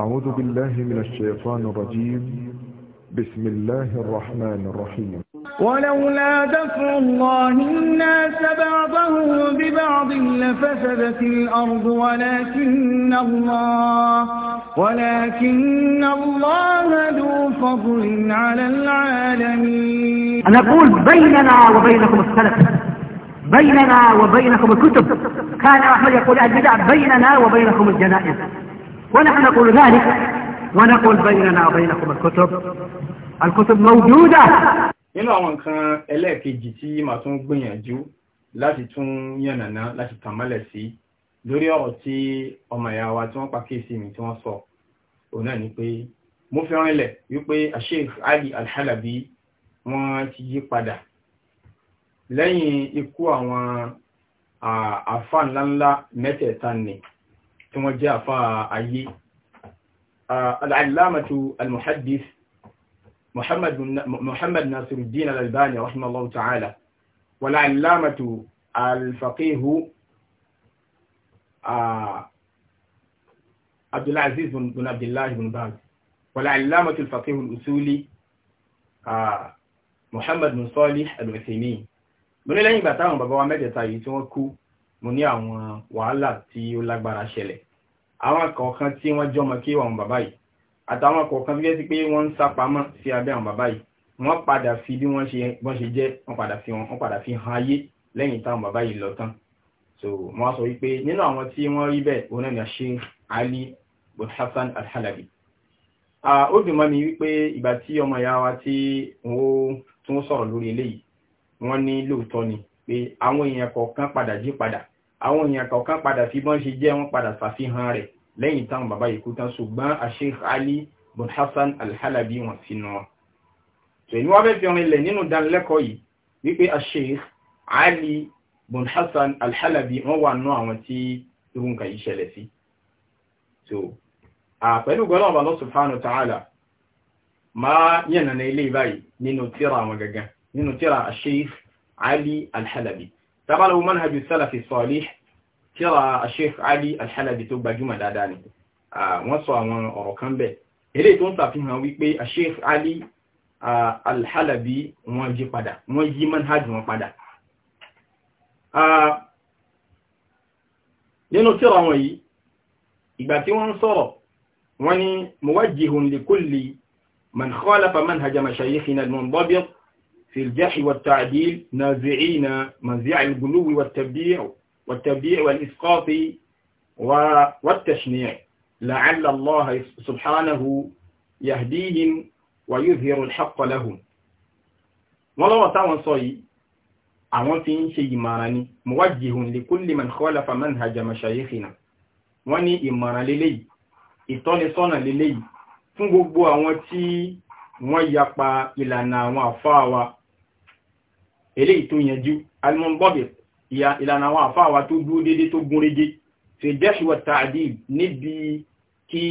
أعوذ بالله من الشيطان الرجيم بسم الله الرحمن الرحيم ولولا دفع الله الناس بعضهم ببعض لفسدت الأرض ولكن الله ولكن الله ذو فضل على العالمين أنا أقول بيننا وبينكم السلف بيننا وبينكم الكتب كان أحمد يقول البدع بيننا وبينكم الجنائز ونحن نقول ذلك ونقول بيننا وبينكم الكتب الكتب موجودة nínú àwọn كان ẹlẹ́ẹ̀kejì tí màá tún gbìyànjú láti tún yànnàná láti tàn mọ́lẹ̀ sí lórí ọ̀rọ̀ tí ọmọ ìyá wa tí wọ́n pa kéèsì mi tí wọ́n sọ òun náà ni pé mo fi rìnlẹ̀ wípé Sheikh Ali al wọ́n ti yí padà lẹ́yìn ikú àwọn àfa ńláńlá mẹ́tẹ̀ẹ̀ta nìkan tí wọ́n jẹ́ àfá ayé al'alamatu al-muhaddis muhammad nasiruddin al-albani rahimahullahu ta'ala wal'alamatu al-faqihu abdulaziz bin abdullah bin baz wal'alamatu al-faqihu al-usuli muhammad bin salih al-uthaymeen mo ní lẹ́yìn ìgbà bàbá wa mẹ́jẹta yìí tí wọ́n kú mo ní àwọn wàhálà tí ó lágbára ṣẹlẹ̀ àwọn kọ̀ọ̀kan tí wọ́n jọmọ kí àwọn bàbá yìí àtàwọn kọ̀ọ̀kan tó jẹ́ sí pé wọ́n ń sá pamọ́ sí abẹ́ àwọn bàbá yìí wọ́n padà fi bí wọ́n ṣe jẹ́ wọ́n padà fi wọ́n padà fi hàn ayé lẹ́yìn táwọn bàbá yìí lọ tán so wọ́n sọ wípé nínú àwọn tí wọ́n rí bẹ́ẹ̀ òun náà ṣe Ali bin Hassan al-Halabi ó dùn mọ́ mi wípé ìgbà tí ọmọ ìyá wa tí wọ́n sọ̀rọ̀ lórí eléyìí wọ́n ní lóòótọ́ ni pé àwọn èèyàn kọ̀ọ̀kan padà jí padà àwọn èèyàn kọ̀ọ̀kan padà fi bọ́n ṣe jẹ́ wọ́n padà ṣàfihàn rẹ̀ lẹ́yìn táwọn bàbá yìí kú tán ṣùgbọ́n Sheikh Ali bin Hassan al-Halabi wọn sínú wọn. tó ìní wọ́n fẹ́ fi rinlẹ̀ nínú ìdánilẹ́kọ̀ọ́ yìí wípé Sheikh Ali bin Hassan al-Halabi wọ́n wà nú àwọn tí irú nǹkan yìí ṣẹlẹ̀ sí. tó àpẹẹlú gbọ́dọ̀ ọba Allah subhanahu wa ta'ala máa yànnà ilé báyìí nínú tíra àwọn gangan nínú tíra Sheikh Ali al-Halabi tabalu manhaj as-salaf as-salih kíra sheikh ali al-halabi tó gbajúmọ̀ dáadáa ni wọ́n sọ àwọn ọ̀rọ̀ kan bẹ̀ eléyìí tó ń ṣàfihàn wípé sheikh ali al-halabi wọ́n yí padà wọ́n yí manhaj wọn padà nínú kíra wọn yìí ìgbà tí wọ́n sọ̀rọ̀ wọ́n ni muwajjihun li kulli man khalafa في الجح والتعديل نازعين منزع الغلو والتبديع والتبديع والإسقاط والتشنيع لعل الله سبحانه يهديهم ويظهر الحق لهم ولو تعوان صي عوان في شيء مارني موجه لكل من خالف منهج مشايخنا واني إمارة للي إطاني صنع للي فنقبوا عوان تي wọ́n yapa ìlànà eléyìí tó yanjú almongbọ́dẹ̀ ìlànà àwọn àfáàwà tó dúró dédé tó gún régé fi jẹ́ṣùwà tààdì níbi kí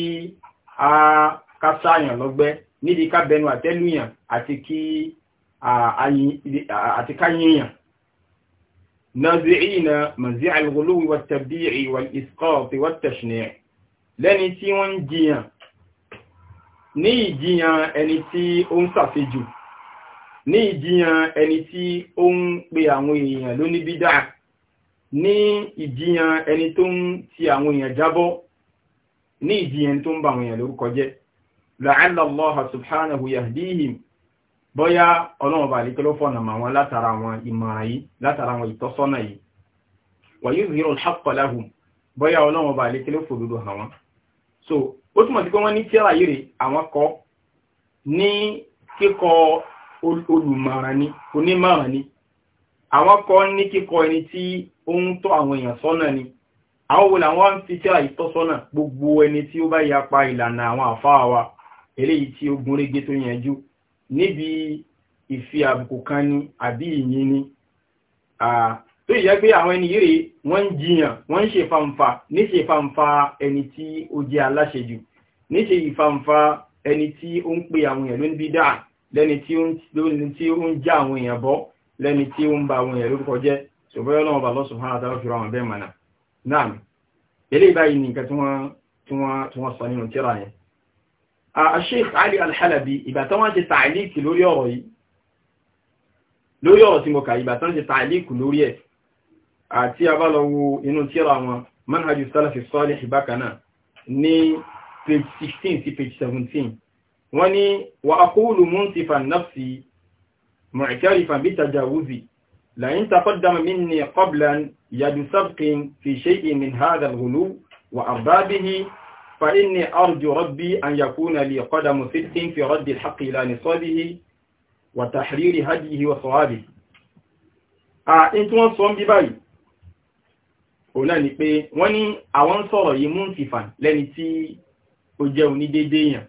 a kásáyàn lọ́gbẹ́ níbi ká bẹnu àtẹ́lúyàn àti kí àti káyíyàn nàzìrìnà màzí alghuluwi wa tabdi'i wal isqat wa tashni' lẹ́ni tí wọ́n ń jiyàn ní ìjiyàn ẹni tí ó ní ìjiyàn ẹni tí ó ń pe àwọn èèyàn lóní bídà ní ìjiyàn ẹni tó ń ti àwọn èèyàn jábọ́ ní ìjiyàn tó ń ba àwọn èèyàn lórúkọ jẹ́ la'alla Allah subhanahu yahdihim bọ́yá ọlọ́run bá àlékẹ́ wa yuzhiru al lahum bọ́yá ọlọ́run bá àlékẹ́ ló fòdodo so ó túmọ̀ sí pé wọ́n ní tíra kíkọ olùmọ̀ràn ni onímọ̀ràn ni àwọn kọ́ ní kíkọ ẹni tí ó ń tọ́ àwọn èèyàn sọ́nà ni àwọn wo làwọn ń fi tíra ìtọ́sọ́nà gbogbo ẹni tí ó bá yapa ìlànà àwọn àfáà wa eléyìí tí ó gúnrégé tó yanjú níbi ìfi àbùkù kan ni àbí ìyìn ni tó ìyá pé àwọn ẹni yìí wọ́n ń jiyàn wọ́n ń ṣe níṣe fanfa ẹni tí ó jẹ́ aláṣejù níṣe ìfanfa ẹni tí ó ń pe àwọn èèyàn ló ń bí dáa lẹ́ni tí ó ń já àwọn èèyàn bọ́ lẹ́ni tí ó ń ba àwọn èèyàn lórúkọ jẹ́ ṣùgbọ́n ọlọ́run bá lọ́sùn fún àtàrà fi ráwọn bẹ́ẹ̀ mọ̀nà náà ilé ìbáyìí ní nǹkan tí wọ́n sọ nínú tíra yẹn Sheikh Ali Al-Halabi ti tààlíkì lórí ẹ̀ àti a inú tíra wọn manhajus salafi salih bákan ní page 16 sí page 17 wọ́n ní wà ákúlù múntifan nafsi mu'tarifan bí tajawuzi la'in taqaddama minni qablan yadu sabqin fi shay'in min hadha al-ghulu wa arbabihi fa inni arju rabbi an yakuna li qadamu sidqin fi raddi al-haqq ila nisabihi wa tahriri hadihi wa sawabihi a in tí wọ́n sọ ń bí báyìí òun ní àwọn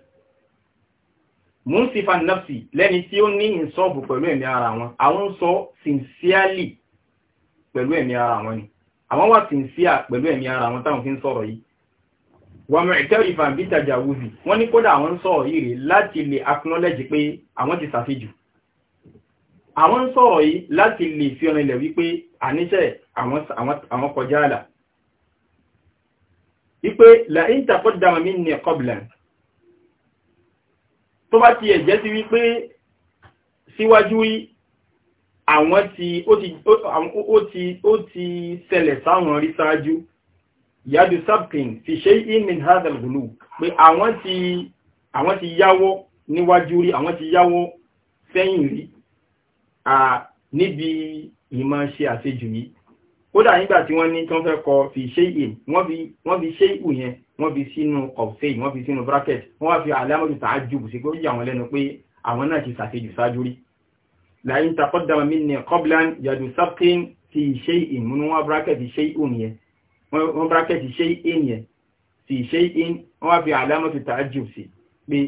múnsífà nafsi lẹ́ni tí ó ní ìsọ́ọ̀bù pẹ̀lú ẹ̀mí ara wọn àwọn sọ sincerely pẹ̀lú ẹ̀mí ara wọn ni àwọn wà sincere pẹ̀lú ẹ̀mí ara wọn táwọn fi ń sọ̀rọ̀ yìí wọ́n mọ̀ ìtẹ́rìfà bí tàjà wùzì wọ́n ní kódà àwọn sọ̀rọ̀ yìí rè láti lè acknowledge pé àwọn ti ṣàfihàn àwọn ń sọ̀rọ̀ yìí láti lè fi ọ̀nà ilẹ̀ wípé àníṣẹ́ àwọn kọjá àlà wípé la in taqaddama minni qablan tó bá ti ẹ̀jẹ́ ti wípé síwájú rí àwọn tí ó ti ṣẹlẹ̀ sáwọn rí sáájú yàdù sabkin fi ṣe in hadal gulu pé àwọn ti yáwọ́ níwájú rí àwọn ti yáwọ́ sẹ́yìn rí níbi ìmọ̀ ṣe àṣejù yìí kódà nígbà tí wọ́n ní tí wọ́n fẹ́ kọ fi ṣe in wọ́n fi ṣe ìhù yẹn wọ́n fi sínú ọ̀fẹ́ wọ́n fi sínú bracket wọ́n wá fi àlámọ́jú tààjù sí pé ó yà wọ́n lẹ́nu pé àwọn náà ti ṣàṣejù ṣáájú rí láyín taqaddama minni qablan yàdù sápín ti ṣe in múnú wọ́n bracket ṣe ìhù yẹn wọ́n bracket ṣe in yẹn ti ṣe in wọ́n wá fi àlámọ́jú tààjù sí pé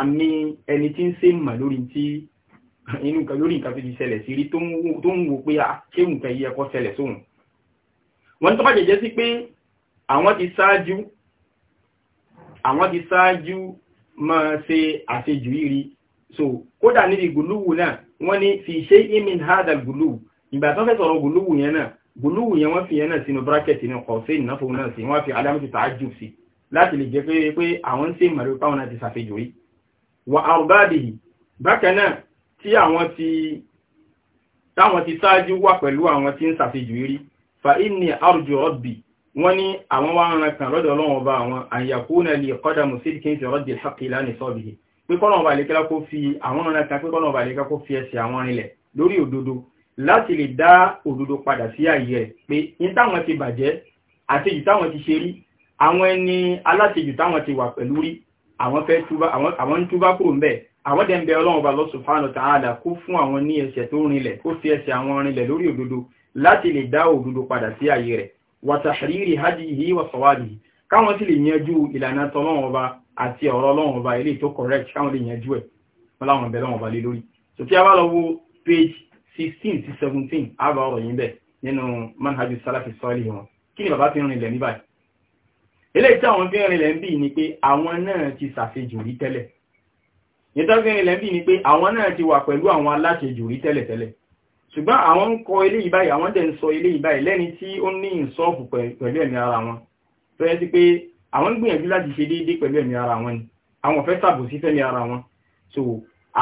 àmì ẹni tí ń ṣe mà lórí tí inú nǹkan lórí nǹkan tó ti ṣẹlẹ̀ sí rí tó ń wo pé ṣé nǹkan yìí ẹ̀kọ́ ṣẹlẹ̀ sóhun wọ́n tó bá jẹ́jẹ́ sí pé àwọn ti ṣáájú àwọn ti ṣáájú máa ṣe àṣejù yìí rí so kódà níbi gùlúwù náà wọ́n ní fi ṣe imin hada gùlúwù ìgbà tó fẹ́ sọ̀rọ̀ gùlúwù yẹn náà gùlúwù yẹn wọ́n fi yẹn náà sínú bracket ní ọ̀sẹ̀ ìnáfowó náà sí wọ́n fi adámọ́tì tààjù sí láti lè jẹ́ pé pé àwọn ń ṣe ìmọ̀lẹ́pàwọn náà ti ṣàfihàn rí wa àrùbáàdì bákan náà tí àwọn ti táwọn ti ṣáájú wà pẹ̀lú àwọn tí ń ṣàfihàn rí fa inni arju rabbi wọ́n ní àwọn wá ran kan lọ́dọ̀ ọlọ́run ọba àwọn àyàkúnà lè kọ́dà mùsílìkì ti rọ́dì ṣàkì lánìí sọ́bì pé kọ́nà ọba àlekẹ́lá kó fi àwọn ran kan pé kọ́nà ọba àlekẹ́lá kó fi ẹsẹ̀ àwọn rinlẹ̀ lórí òdodo láti lè dá òdodo padà sí ààyè rẹ̀ pé in táwọn ti bàjẹ́ àtejù ṣe rí àwọn ẹni alátejù táwọn ti wà pẹ̀lú rí àwọn fẹ́ túbá àwọn túbá kúrò ńbẹ̀ àwọn dẹ̀ ń bẹ ọlọ́run bá Allah subhanahu wa ta'ala kó fún àwọn ní ẹsẹ̀ tó rinlẹ̀ kó fi ẹsẹ̀ àwọn rinlẹ̀ lórí òdodo láti lè dá òdodo padà sí ààyè rẹ̀ wa tahriri hadihi wa sawadihi káwọn sì lè yanjú ìlànà tọ́lọ́run ọba àti ọ̀rọ̀ ọlọ́run ọba ilé tó correct káwọn lè yanjú ẹ̀ ọláwọn bẹ̀rẹ̀ ọba lé lórí so tí a bá lọ wo page 16 sí 17 a bá ọ̀rọ̀ yìí bẹ̀ nínú manhaju salafi sọ́ọ̀lì wọn kí ni bàbá fi rinlẹ̀ ní báyìí eléyìí tí àwọn fi rinlẹ̀ ń bì ní pé àwọn náà ti ṣàfihàn rí tẹ́lẹ̀ ìtọ́gbẹ̀rin lẹ́bí ni pé àwọn náà ti wà pẹ̀lú àwọn aláṣejù rí tẹ́lẹ̀tẹ́lẹ̀ ṣùgbọ́n àwọn ń kọ ilé ìbáyìí àwọn dẹ̀ ń sọ ilé ìbáyìí lẹ́ni tí ó ní ìsọ́ọ̀fù pẹ̀lú ẹ̀mí ara wọn tó yẹ sí pé àwọn ń gbìyànjú láti ṣe déédéé pẹ̀lú ẹ̀mí ara wọn ni àwọn fẹ́ ṣàbòsí fẹ́mi ara wọn so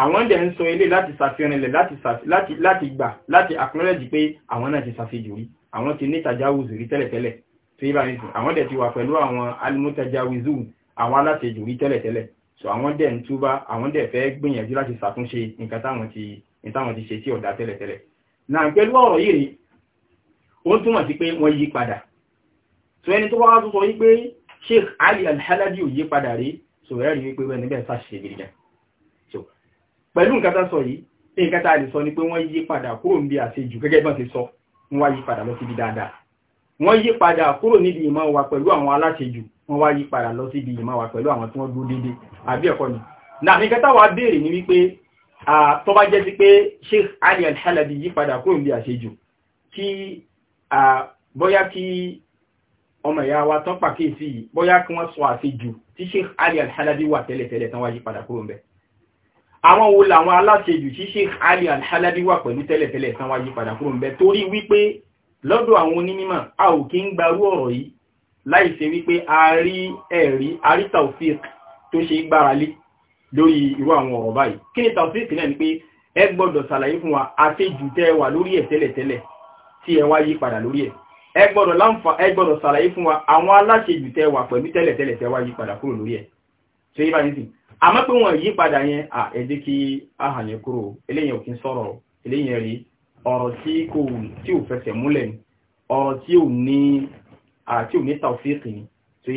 àwọn dẹ̀ ń sọ ilé láti ṣàfihànilẹ̀ láti gbà láti acknowledge pé àwọn náà ti ṣàfihàn rí àwọn ti ní tajawuz rí tẹ́lẹ̀tẹ́lẹ̀ tó yẹ báyìí àwọn dẹ̀ ti wà pẹ̀lú àwọn alimutajawizu àwọn aláṣejù rí tẹ́lẹ̀tẹ́lẹ̀ so àwọn dẹ̀ ń túbá àwọn dẹ̀ fẹ́ gbìyànjú láti ṣàtúnṣe nǹkan táwọn ti táwọn ti ṣe tí ọ̀dà tẹ́lẹ̀tẹ́lẹ̀ náà pẹ̀lú ọ̀rọ̀ yìí rí ó túmọ̀ sí pé wọ́n yí padà so ẹni tó wá tó sọ wípé Sheikh Ali alhaladi halabi ò yí padà rí so ẹ̀rẹ́ rí wípé wẹ́n níbẹ̀ sáṣe gírígà so pẹ̀lú nǹkan tá sọ yìí nǹkan tá a lè sọ ni pé wọ́n yí padà kúrò níbi àṣejù gẹ́gẹ́ bọ́n ti sọ wọ́n yí padà lọ síbi dáadáa wọ́n yí padà kúrò níbi ìmọ̀ wa pẹ̀lú àwọn aláṣejù wọ́n wá yí padà lọ síbi ìmọ̀ wa pẹ̀lú àwọn tí wọ́n dúró déédéé àbí ẹ̀kọ́ ni náà ní kẹta wa béèrè ní wípé tó bá jẹ́ sí pé Sheikh Ali Al-Halabi yí padà kúrò ní àṣejù kí bóyá kí ọmọ ìyá wa tán pàkíyèsí yìí bóyá kí wọ́n sọ àṣejù tí Sheikh Ali Al-Halabi wà tẹ́lẹ̀tẹ́lẹ̀ tán wá yí padà kúrò ń àwọn wo làwọn aláṣejù tí Sheikh Ali Al-Halabi wà pẹ̀lú tẹ́lẹ̀tẹ́lẹ̀ tán wá yí padà kúrò ń torí wípé lọ́dọ̀ àwọn onímọ̀ a ò kí ń gbarú ọ̀rọ̀ yìí láì ṣe wípé a rí ẹ̀rí a rí taufik tó ṣe gbára lé lórí irú àwọn ọ̀rọ̀ báyìí kí ni taufik náà ni pé ẹ gbọ́dọ̀ ṣàlàyé fún wa àṣejù tẹ́ wà lórí ẹ̀ tẹ́lẹ̀tẹ́lẹ̀ tí ẹ wá yí padà lórí ẹ̀ ẹ gbọ́dọ̀ láǹfà ẹ gbọ́dọ̀ ṣàlàyé fún wa àwọn aláṣejù tẹ́ wà pẹ̀lú tẹ́lẹ̀tẹ́lẹ̀ tẹ́ wá yí padà kúrò lórí ẹ̀ tó àti òní tàwfíìkì ni tí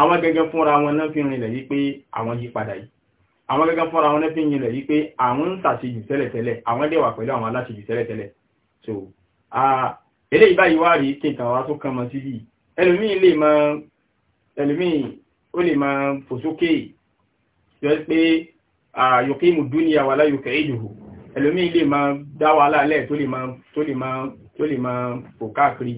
àwọn gẹ́gẹ́ fúnra wọn náà fi rinlẹ̀ yí pé àwọn yí padà yìí àwọn gẹ́gẹ́ fúnra wọn náà fi rinlẹ̀ yí pé àwọn ń ṣàṣejù tẹ́lẹ̀tẹ́lẹ̀ àwọn dẹ̀wà pẹ̀lú àwọn aláṣejù tẹ́lẹ̀tẹ́lẹ̀ so eléyìí báyìí wá rí kí nǹkan wa tó kàn mọ́ sí yìí ẹlòmíì lè mọ ẹlòmíì ó lè mọ fòsókè yọ wà láyòókè tó lè mọ fò káàkiri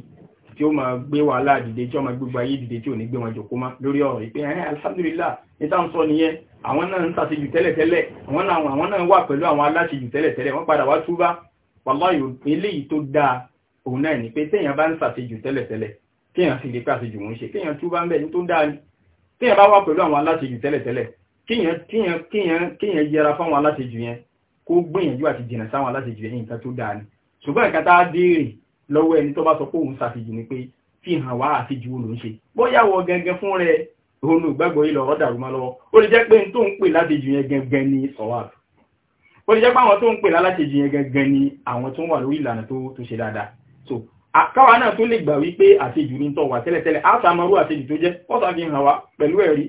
tí ó máa gbé wàhálà dìde tí ó máa gbégbá ayé dìde tí ò ní gbé wọn jòkó má lórí ọ̀rọ̀ ìpé ẹ̀rìn alhamdulillah ní táwọn sọ nìyẹn àwọn náà ń ṣàṣejù tẹ́lẹ̀tẹ́lẹ̀ àwọn náà àwọn náà wà pẹ̀lú àwọn aláṣejù tẹ́lẹ̀tẹ́lẹ̀ wọ́n padà wá túbá wallahi eléyìí tó dáa òun náà ni pé téèyàn bá ń ṣàṣejù tẹ́lẹ̀tẹ́lẹ̀ kéèyàn sì lè pé àṣejù ń ṣe kéèyàn túbá ń bẹ̀ ní tó dáa ni lọ́wọ́ ẹni tó bá sọ pé òun ṣàfihàn ni pé fi hàn wá àfijù wo ló ń ṣe bóyá wọ gẹ́gẹ́ fún rẹ òun ìgbàgbọ́ yìí lọ́rọ̀ dàrú mọ́ lọ́wọ́ ó lè jẹ́ pé n tó ń pè láṣejù yẹn gẹ́gẹ́ ní sọ̀wáàb ó lè jẹ́ pé àwọn tó ń pè láṣejù yẹn gẹ́gẹ́ ní àwọn tó wà lórí ìlànà tó ṣe dáadáa so káwa náà tó lè gbà wípé àṣejù ní tọ̀ wá tẹ́lẹ̀tẹ́lẹ̀ á sàmọ́rú àṣejù tó jẹ́ ó ṣàfihàn wá pẹ̀lú ẹ̀rí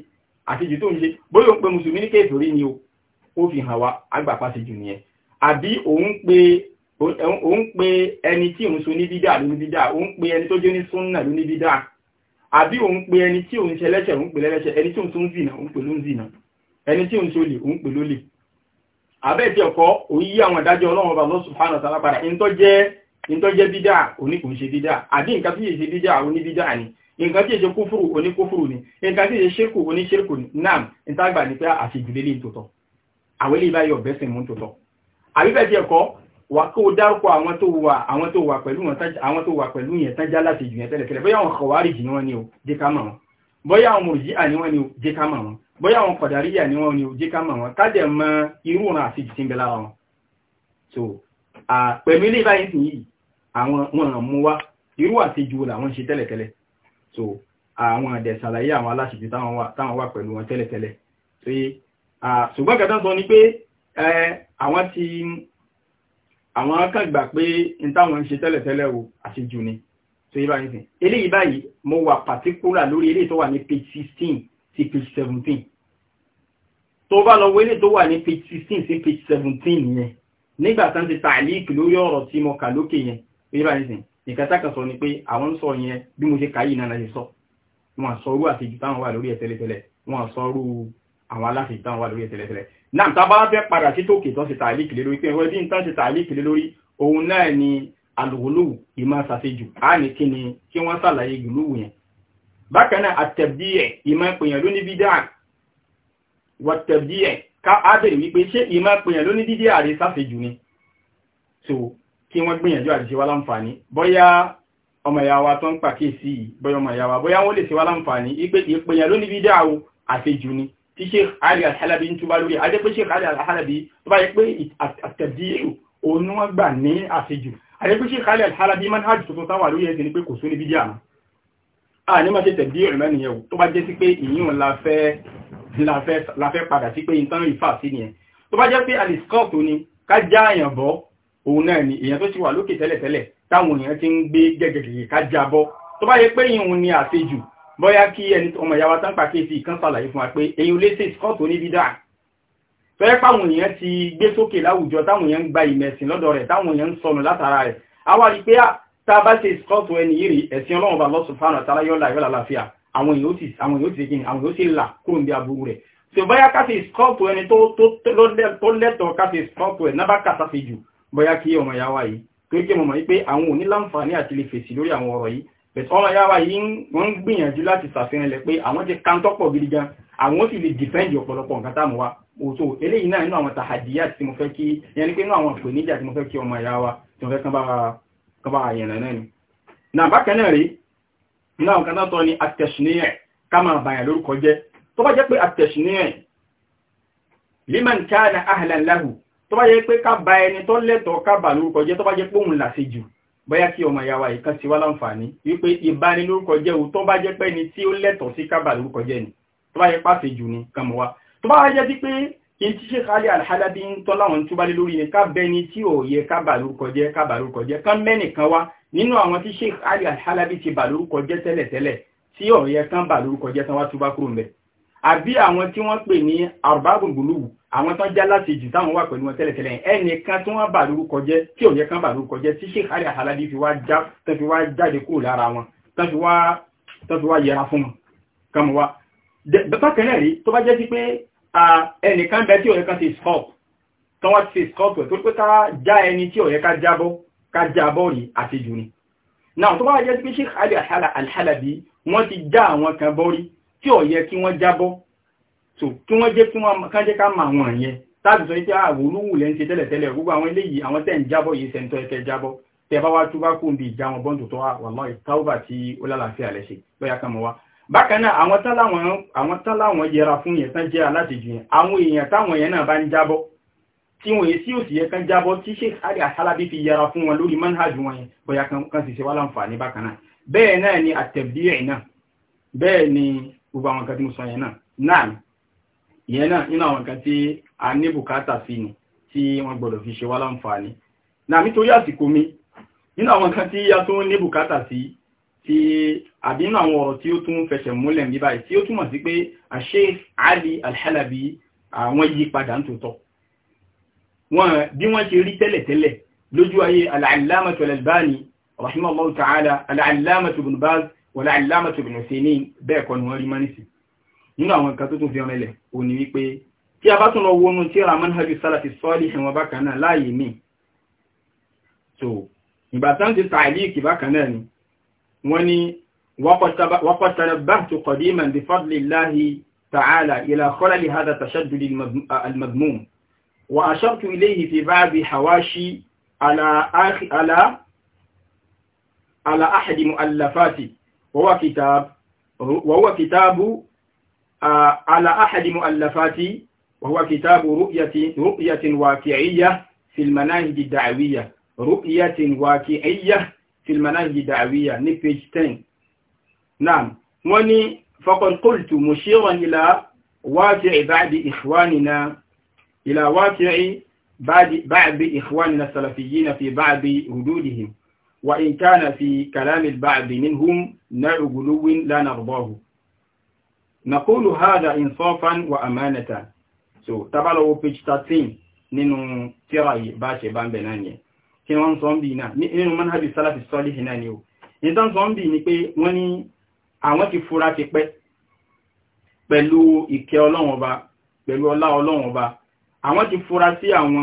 àṣejù tó ń ṣe bóyá òun pe mùsùlùmí ní kéèfì orí ni o ó fi hàn wá àgbàpá àṣejù nìyẹn àbí òun pe o ń pe ẹni tí òun so ní bídà lóní bídà o ń pe ẹni tó jẹ́ ní súnnà lóní bídà àbí òun pe ẹni tí òun ṣe lẹ́ṣẹ̀ òun pe lẹ́ṣẹ̀ ẹni tí òun tó ń zìnà òun pe ló ń zìnà ẹni tí òun ṣe olè òun pe lólè àbẹ́ẹ̀tì ọ̀kọ́ òun yí àwọn ìdájọ́ ọlọ́run ọba Allah subhanahu wa ta'ala padà ìntọ́ jẹ́ bídà òní kò ń ṣe bídà àbí nǹkan tí yìí ṣe bídà òní bídà ni nǹkan tí yìí ṣe kúfùrù òní kúfùrù ni nǹkan tí yìí ṣe ṣírkù òní ṣírkù ni nam ìtagbà ní pé àṣejù lélẹ̀ tòótọ́ àwọn eléyìí báyọ̀ bẹ́sìn mú tòótọ́ àbíbẹ̀tì ẹ̀kọ́ wà kó dárúkọ àwọn tó wà àwọn tó wà pẹ̀lú àwọn tó wà pẹ̀lú yẹn tán já láti jù yẹn tẹ́lẹ̀tẹ́lẹ̀ bóyá àwọn kọ̀wárìjì ni wọ́n ni ó jẹ́ ká mọ̀ wọn bóyá àwọn mùrùjíà ni wọ́n ni ó jẹ́ ká mọ̀ wọn bóyá àwọn kọ̀dáríyà ni ni ó jẹ́ ká wọn kájẹ̀ so pẹ̀lú ilé báyìí sì yìí àwọn wọn ràn mú wá irú àtijọ́ so àwọn àdẹ̀ ṣàlàyé àwọn aláṣìṣe àwọn akẹ́gbà pé n táwọn ń ṣe tẹ́lẹ̀tẹ́lẹ̀ o àṣejù ni tó yí báyìí sìn eléyìí báyìí mo wà particular lórí eléyìí tó wà ní page sixteen sí page seventeen tó bá lọ wẹ́lẹ̀ tó wà ní page sixteen sí page seventeen yẹn nígbà tán ti tàlíkì lórí ọ̀rọ̀ tí mo kà lókè yẹn tó yí báyìí sìn nǹkan tá kan sọ ni pé àwọn ń sọ yẹn bí mo ṣe kà yìí náà la ṣe sọ wọn àsọrú àṣejù táwọn wà lórí ẹ̀ tẹ́lẹ̀tẹ́lẹ̀ wọn àsọrú àwọn aláṣejù náà tábàlá fẹ́ padà sí tókè tán ṣe tààlì kìlẹ̀ lórí pé ẹ̀rọ ẹbí ń tán ṣe tààlì kìlẹ̀ lórí òun náà ni alùwòlówù ìmọ̀ ṣàṣejù á ní kí ni kí wọ́n ṣàlàyé gùlúwù yẹn bákan náà àtẹ̀bí ẹ̀ ìmọ̀ pèèyàn ló ní bídà wọ̀tẹ̀bí ẹ̀ ká á bèrè wípé ṣé ìmọ̀ pèèyàn ló ní dídí àrí ṣàṣejù ni so kí wọ́n gbìyànjú àti ṣe wá láǹfààní bóyá ọmọ ìyá wa tó ń pàkíyèsí bóyá ọmọ ìyá wa bóyá wọ́n lè ṣe wá láǹfààní wípé ìpèèyàn ló ní bídà ni tí Sheikh Ali Al-Halabi ń túbá lórí ajẹ́ pé Sheikh Ali Al-Halabi tó bá yẹ pé àtẹ̀díṣù òun wọ́n gbà ní àṣejù ajẹ́ pé Sheikh Ali Al-Halabi máa ń hajj tuntun táwà lórí ẹ̀sìn ni pé kò sóni bídíà mọ́ a ní máa ṣe tẹ̀díṣù mẹ́niyẹn o tó bá jẹ́ sí pé ìyún la fẹ́ padà sí pé ìtàn ìfà sí nìyẹn tó bá jẹ́ pé aliskọ́ọ̀tù ni ká já àyàn bọ́ òun náà ni èèyàn tó ti wà lókè tẹ́lẹ̀tẹ́lẹ̀ táwọn èèyàn ti ń gbé gẹ́gẹ́gẹ́gẹ́ ká já bọ́ tó bá yẹ pé ìhun ni àṣejù bóyá kí ẹni ọmọ ìyá wa tán pàkíyèsí kan sàlàyé fún wa pé èyí ò lè ṣe ìsọ́ọ̀tò ní bídà tọ́yẹ́ páwọn èèyàn ti gbé sókè láwùjọ táwọn èèyàn ń gba ìmẹ̀sìn lọ́dọ̀ rẹ̀ táwọn èèyàn ń sọnù látara rẹ̀ a wá rí pé tá a bá ṣe ìsọ́ọ̀tò ẹni yìí rí ẹ̀sìn ọlọ́run bá lọ́sùn fáwọn àtàlá yọ́lá yọ́lá láfíà àwọn èèyàn ó ti àwọn èèyàn ó ti gini àwọn èèyàn ó ti là kúrò níbi aburú rẹ̀ tí ó báyá káfí ìsọ́ọ̀tò ẹni tó lẹ́tọ̀ọ́ káfí ìsọ́ọ̀tò ẹ̀ nábà kàtàfẹ́ jù bóyá kí ọmọ ìyá wa yìí tó jẹ́ mọ̀mọ́ yìí pé àwọn ò ní láǹfààní àti lè fèsì lórí àwọn ọ̀rọ̀ yìí ọmọ ìyá wa yìí wọ́n ń gbìyànjú láti ṣàfihàn lẹ̀ pé àwọn ti káńtọ́ pọ̀ gidi gan àwọn ó sì lè dìfẹ́ǹdì ọ̀pọ̀lọpọ̀ nǹkan táàmù wa òtò eléyìí náà inú àwọn tàhàdíyà tí mo fẹ́ kí yẹn ni pé inú àwọn ìpèníjà tí mo fẹ́ kí ọmọ ìyá wa tí mo fẹ́ kán bá yẹ̀nà náà ni. nà bákan náà ni liman kana ahlan lahu tó bá jẹ́ pé ká ba ẹni tó lẹ́tọ̀ọ́ ká bà bóyá kí ọmọ ìyá wa yìí kan ṣe wá láǹfààní wípé ìbanilórúkọ jẹ́ o tó bá jẹ́ pé ni tí ó lẹ́tọ̀ọ́ sí kábà lórúkọ jẹ́ ni tó bá yẹ pàṣẹ jù ni kan mọ̀ wá tó bá jẹ́ sí pé kí n ti ṣe kálí àlàdábí ń tọ́ láwọn tó bá lé lórí ni ká bẹni tí ò yẹ kábà lórúkọ jẹ́ kábà lórúkọ jẹ́ kán mẹ́nìkan wá nínú àwọn tí ṣe kálí àlàdábí ti bà lórúkọ jẹ́ tẹ́lẹ̀tẹ́lẹ̀ tí ò yẹ kán bà lórúkọ jẹ́ tán wá tó bá kúrò mbẹ̀ àbí àwọn tí wọ́n pè ní àrùbágùnbùlù àwọn tán já láti jù táwọn wà pẹ̀lú wọn tẹ́lẹ̀tẹ́lẹ̀ ẹnìkan tí wọ́n bà lórúkọ jẹ́ tí ò yẹ kán bà lórúkọ jẹ́ tí Sheikh Ali Al-Halabi fi wá jáde kúrò lára wọn tán fi wá yẹra fún wọn kan wá bákan náà rí tó bá jẹ́ sí pé ẹnìkan bẹ tí ò yẹ ti stop tán wá ti stop tó pé ká já ẹni tí ò ká jábọ́ ká jábọ́ rí àtijù ni náà tó bá jẹ́ sí pé Sheikh Ali Al-Halabi wọ́n ti já àwọn tí ò yẹ kí wọ́n jábọ́ tó kí wọ́n jẹ́ kí wọ́n kájẹ́ ká mọ̀ àwọn yẹn táàbì sọ wípé ah, ààbò olúwù lẹ́ ń ṣe tẹ́lẹ̀tẹ́lẹ̀ gbogbo àwọn eléyìí àwọn tẹ́ ń jábọ̀ yìí sẹ́ńtọ́ ẹ̀kẹ́ jábọ́ tẹ́ bá wá tú bá kú bí ìjà wọn bọ́ǹtò tó wà wàlọ́ ìtawọ́bà ah, tí ó lálàáfíà lẹ́ ṣe lọ́yà kan mọ́ wa. bákan náà àwọn táláwọn yẹra fún yẹn tán jẹ́ aláṣejù yẹn àwọn èèyàn táwọn yẹn náà bá ń jábọ́ tí wọ́n yìí sí òsì yẹn kan jábọ́ tí sheikh ali asalabi fi yẹra fún wọn lórí manhaj wọn yẹn bóyá kan sì ṣe wá láǹfààní bákan náà bẹ́ẹ̀ náà ni àtẹ̀bíyẹ̀ náà bẹ́ẹ̀ ni gbogbo àwọn nǹkan tí mo sọ yẹn náà náà ìyẹn náà nínú àwọn nǹkan tí a ní bùkátà sí ni tí wọ́n gbọ́dọ̀ fi ṣe wá láǹfààní náà nítorí àsìkò mi nínú àwọn nǹkan tí a tún ní bùkátà sí tí àbí nínú àwọn ọ̀rọ̀ tí ó tún fẹsẹ̀ múlẹ̀ ní báyìí tí ó túmọ̀ sí pé Sheikh Ali Al-Halabi àwọn yí padà ń tòótọ́ wọn bí wọ́n ṣe rí tẹ́lẹ̀tẹ́lẹ̀ lójú ayé Al-Allamah al ta'ala Al-Allamah Ibn wọ́n láì lámọ̀tò ìbìnrin sí ní bẹ́ẹ̀ kọ́ ni wọ́n rí mọ́nísì nínú àwọn nǹkan tó tún fi ọmọ ilẹ̀ ò ní wípé tí a bá tún lọ wọnú tí ra manhaju salafi sọ́ọ̀lì ẹ̀wọ̀n bákan náà láàyè mí so ìgbà tán ti tàìlíìkì bákan náà ni wọ́n ní waqad tanabbahtu qadiman bi fadlillahi ta'ala ila khalali hadha tashaddud al-madmum wa ashartu ilayhi fi ba'di hawashi ala ala ala ahadi mu'allafati وهو كتاب وهو كتاب آه، على أحد مؤلفاتي وهو كتاب رؤية رؤية واقعية في المناهج الدعوية رؤية واقعية في المناهج الدعوية نبيج نعم وني فقد قلت مشيرا إلى واقع بعض إخواننا إلى واقع بعض بعض إخواننا السلفيين في بعض ردودهم وإن كان في كلام البعض منهم نوع غلو لا نرضاه نقول هذا إنصافا وأمانة so tabalawo page 13 nínú tírà yìí bá ṣe bá ń bẹ̀ náà kí wọ́n sọ ń bí náà nínú salafi sọ́lìhì náà ni o nítàn sọ ń bí ni pé wọ́n ní àwọn ti fura ti pẹ́ pẹ̀lú ìkẹ́ ọlọ́wọ́n ba pẹ̀lú ọlá àwọn ti fura sí àwọn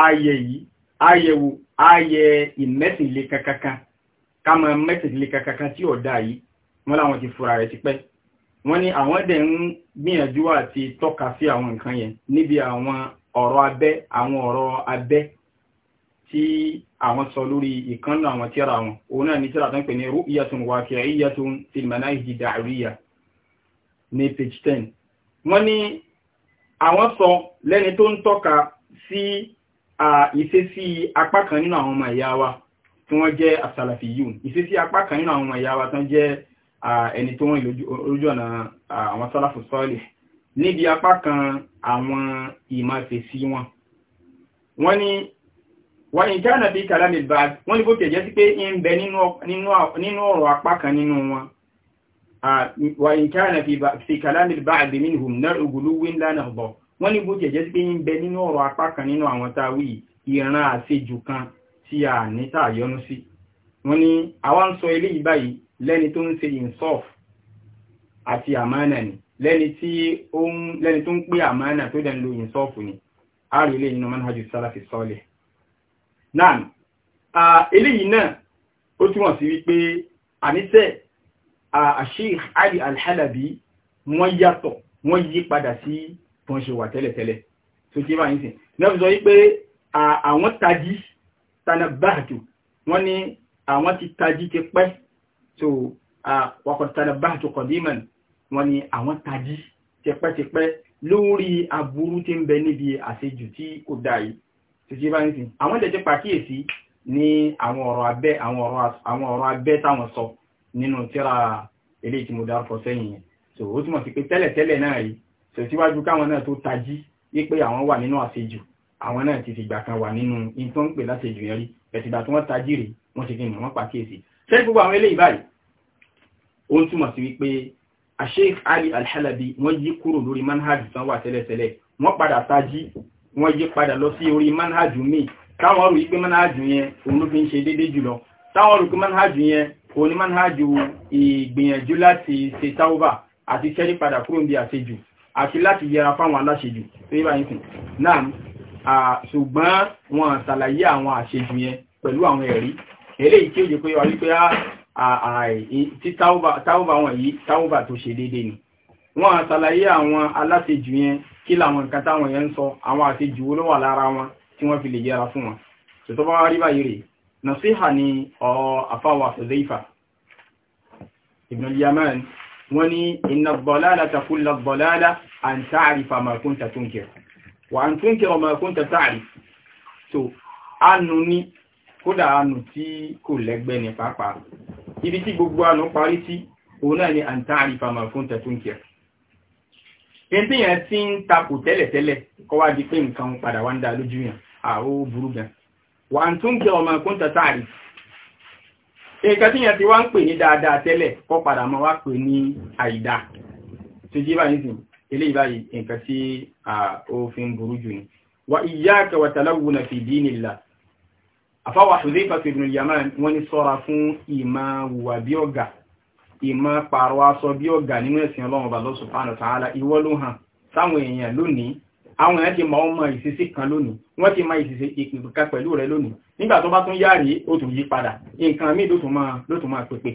ààyè yìí àyẹ̀wò àyẹ ìmẹ́sìnlé kankankan ká mọ mẹ́sìnlé kankankan tí ọ̀dà yìí wọ́n láwọn ti fura rẹ̀ tipẹ́ wọ́n ní àwọn dẹ̀ ń gbìyànjú àti tọ́ka sí àwọn nǹkan yẹn níbi àwọn ọ̀rọ̀ abẹ́ àwọn ọ̀rọ̀ abẹ́ tí àwọn sọ lórí ìkànnì àwọn tíra wọn òun náà ní tíra tó ń pè ní ru'yatun waqi'iyyatun fil manahij da'wiyya ní page ten wọ́n ní àwọn sọ lẹ́ni tó ń tọ́ka sí ìṣesí apá kan nínú àwọn ọmọ ìyá wa tí wọ́n jẹ́ àsàlàfì yìí ìṣesí apá kan nínú àwọn ọmọ ìyá wa tán jẹ́ ẹni tó wọ́n lójú ọ̀nà àwọn sálàfù sọ́ọ̀lì níbi apá kan àwọn ìmọ̀fèsí wọn wọ́n ní wọ́n ní jánà bí kàlámì bá wọ́n ní bó tẹ̀ jẹ́ sí pé ń bẹ nínú ọ̀rọ̀ apá kan nínú wọn wọ́n ní jánà bí kàlámì bá àgbèmínú hùm náà wíńdánà bọ̀ wọ́n ní bó ti ẹ̀jẹ́ sí pé ń bẹ nínú ọ̀rọ̀ apá kan nínú àwọn táwí ìran àṣejù kan tí a ní tá sí wọ́n ní àwa ń sọ eléyìí báyìí lẹ́ni tó ń ṣe insof àti àmánà ni lẹ́ni tó ń pé àmánà tó dẹ̀ ń lo insof ni a rí eléyìí nínú manhajù sálàfi sọ́ọ̀lẹ̀ náà eléyìí náà Ali Al-Halabi wọ́n yàtọ̀ wọ́n yí padà sí tó ń ṣe wà tẹ́lẹ̀tẹ́lẹ̀ tó kí báyìí sìn náà fi sọ wípé àwọn tají tana báàtù wọ́n ní àwọn ti tají ti pẹ́ so wakọ̀ tana báàtù kọ̀dímọ̀n wọ́n ní àwọn tají ti pẹ́ ti pẹ́ lórí aburú tí ń bẹ níbi àṣejù tí kò dá yìí tó kí báyìí sìn àwọn ìdẹ̀jẹ̀ pàkíyèsí ní àwọn ọ̀rọ̀ abẹ́ àwọn ọ̀rọ̀ abẹ́ táwọn sọ nínú tíra eléyìí tí mo dárúkọ sẹ́yìn yẹn so ó túmọ̀ sí pé tẹ́lẹ̀tẹ́lẹ̀ náà yìí tẹ̀síwájú káwọn náà tó tají wípé àwọn wà nínú àṣejù àwọn náà ti fìgbà kan wà nínú nǹkan ń pè láṣejù yẹn rí ẹ̀sìgbà tí wọ́n tají rè wọ́n ti fi mọ̀ wọ́n pàkíyèsí ṣé gbogbo àwọn eléyìí báyìí ó ń túmọ̀ sí wípé Sheikh Ali Al-Halabi wọ́n yí kúrò lórí manhaj tán wà tẹ́lẹ̀tẹ́lẹ̀ wọ́n padà tají wọ́n yí padà lọ sí orí manhaj míì táwọn rò wípé manhaj yẹn òun ló fi ń ṣe déédéé jùlọ táwọn rò pé manhaj yẹn òun ni manhaj ìgbìyànjú láti ṣe táwọ́bà àti ṣẹ́rí padà kúrò níbi àṣejù àti láti yẹra fáwọn aláṣejù tó yíba yìí náà ṣùgbọ́n wọn ṣàlàyé àwọn àṣejù yẹn pẹ̀lú àwọn ẹ̀rí eléyìí tí ó jẹ́ pé wà wípé e, tí táwọ́bà wọn yìí táwọ́bà tó ṣe déédéé ni wọn ṣàlàyé àwọn aláṣejù yẹn kí làwọn nǹkan táwọn yẹn ń sọ àwọn àṣejù ló wà lára wọn tí wọ́n fi lè yẹra fún wọn tó bá wá rí báyìí rè nàṣíhà ni ọ̀ àfáwà Hudhayfa wọ́n ní iná bọ̀láàlá takúlá bọ̀láàlá à ń táàrí fa màkúnta tó ń kẹrọ wà ń tó ń kẹrọ màkúnta táàrí so anu ní kódà anu tí kò lẹ́gbẹ́ ní pàápàá ibi tí gbogbo anu parí sí òun náà ni à ń táàrí fa màkúnta nǹkan tí yẹn ti wá ń pè ní dáadáa tẹ́lẹ̀ kọ́ padà mọ́ wá pè ní àìdá tí jí báyìí sìn eléyìí báyìí nǹkan tí ó fi ń burú jù ni wa iyyaka wa talawuna fi dinillah àfáwà Hudhayfa ibn al-Yaman wọ́n ní sọ́ra fún ìmá wùwà bí ọ̀gá ìmá pààrọ̀ aṣọ bí ọ̀gá nínú ẹ̀sìn Ọlọ́run Ọba subhanahu wa ta'ala ìwọ́ hàn sáwọn èèyàn lónìí àwọn èèyàn ti mọ ọmọ ìṣesí kan lónìí wọ́n ti mọ ìṣesí ìpìpì kan pẹ̀lú rẹ lónìí nígbà tó bá tún yá rèé ó tún yí padà nǹkan míì ló tún máa ló tún máa pèpè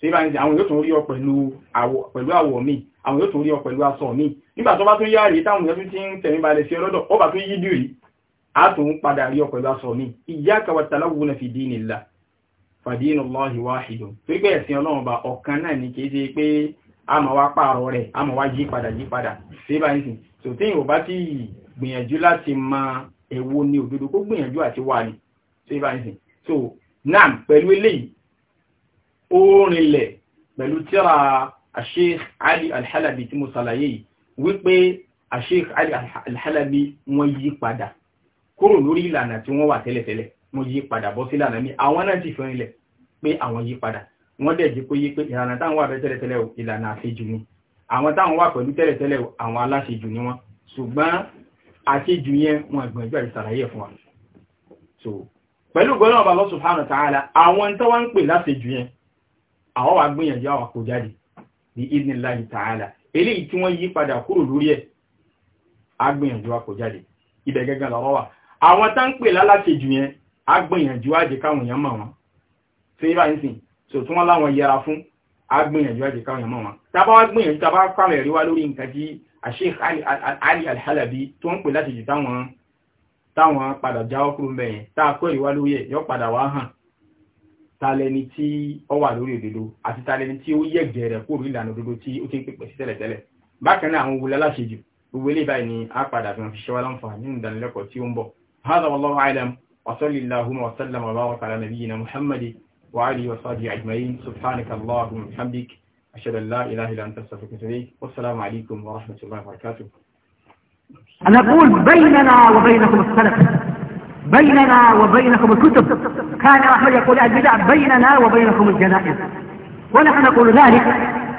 síbá ní àwọn yóò tún rí ọ pẹ̀lú àwọ̀ míì àwọn yóò tún rí ọ pẹ̀lú aṣọ míì nígbà tó bá tún yá rèé táwọn èèyàn ti ń tẹ̀mí balẹ̀ sí ọlọ́dọ̀ ó bá tún yí dìrì á tún padà rí ọ pẹ̀lú aṣọ míì iyyaka wat-talawwun náà ní so tí yìnbọn bá ti gbìyànjú láti mọ èwo ni òdodo kó gbìyànjú àti wà ní so ibà nìsín so nam pẹ̀lú eléyìí ó rinlẹ̀ pẹ̀lú tíra Sheikh Ali Al-Halabi tí mo ṣàlàyé yìí wípé Sheikh Ali Al-Halabi wọ́n yí padà kúrò lórí ìlànà tí wọ́n wà tẹ́lẹ̀tẹ́lẹ̀ wọ́n yí padà bọ́ sí ìlànà mi àwọn náà ti fẹ́ rinlẹ̀ pé àwọn yí padà wọ́n dẹ̀ jẹ́ kó yí pé ìlànà táwọn wà tẹ́lẹ̀tẹ́lẹ̀ ìlànà àfẹ́jù ni àwọn táwọn wà pẹ̀lú tẹ́lẹ̀tẹ́lẹ̀ àwọn aláṣejù ni wọ́n ṣùgbọ́n àṣejù yẹn wọn ẹ̀gbọ́n ìgbà ìsàlàyé fún wa so pẹ̀lú gbọ́nà ọba Allah subhanahu wa ta'ala àwọn tó wá ń pè láṣejù yẹn àwọn wà gbìyànjú àwọn kò jáde ní idnillahi ta'ala eléyìí tí wọ́n yí padà kúrò lórí ẹ̀ agbìyànjú àkò jáde ibẹ̀ gẹ́gẹ́ lọ́rọ́ wà àwọn tá ń pè láláṣejù yẹn agbìyànjú àjẹ́ káwọn èèyàn mọ̀ wọn tí ó bá ń sìn so tí agbìyànjú àti káwọn èèyàn mọ̀ wọn tábà wá gbìyànjú tábà fáwọn ẹ̀rí wá lórí nǹkan tí Sheikh Ali Al-Halabi tó ń pè láti jù táwọn táwọn padà jáwọ́ kúrò mẹ́yìn tá a kó ẹ̀rí wá lórí ẹ̀ yọ padà wá hàn talẹni tí ó wà lórí òdodo àti talẹni tí ó yẹ gẹ̀rẹ̀ kúrò ìlànà òdodo tí ó ti ń pèpè sí tẹ́lẹ̀tẹ́lẹ̀ bákan náà àwọn wulẹ̀ aláṣejù gbogbo eléyìí báyìí ni a padà fi hàn fi ṣe wá láǹfà nínú ìdánilẹ́kọ̀ọ́ tí ó ń bọ̀ hada wallahu a'lam wa sallallahu wa sallam wa baraka ala nabiyyina muhammadi وعلي وصحبه أجمعين سبحانك اللهم وبحمدك أشهد أن لا إله إلا أنت أستغفرك وأتوب والسلام عليكم ورحمة الله وبركاته أنا أقول بيننا وبينكم السلف بيننا وبينكم الكتب كان أحمد يقول البدع بيننا وبينكم الجنائز ونحن نقول ذلك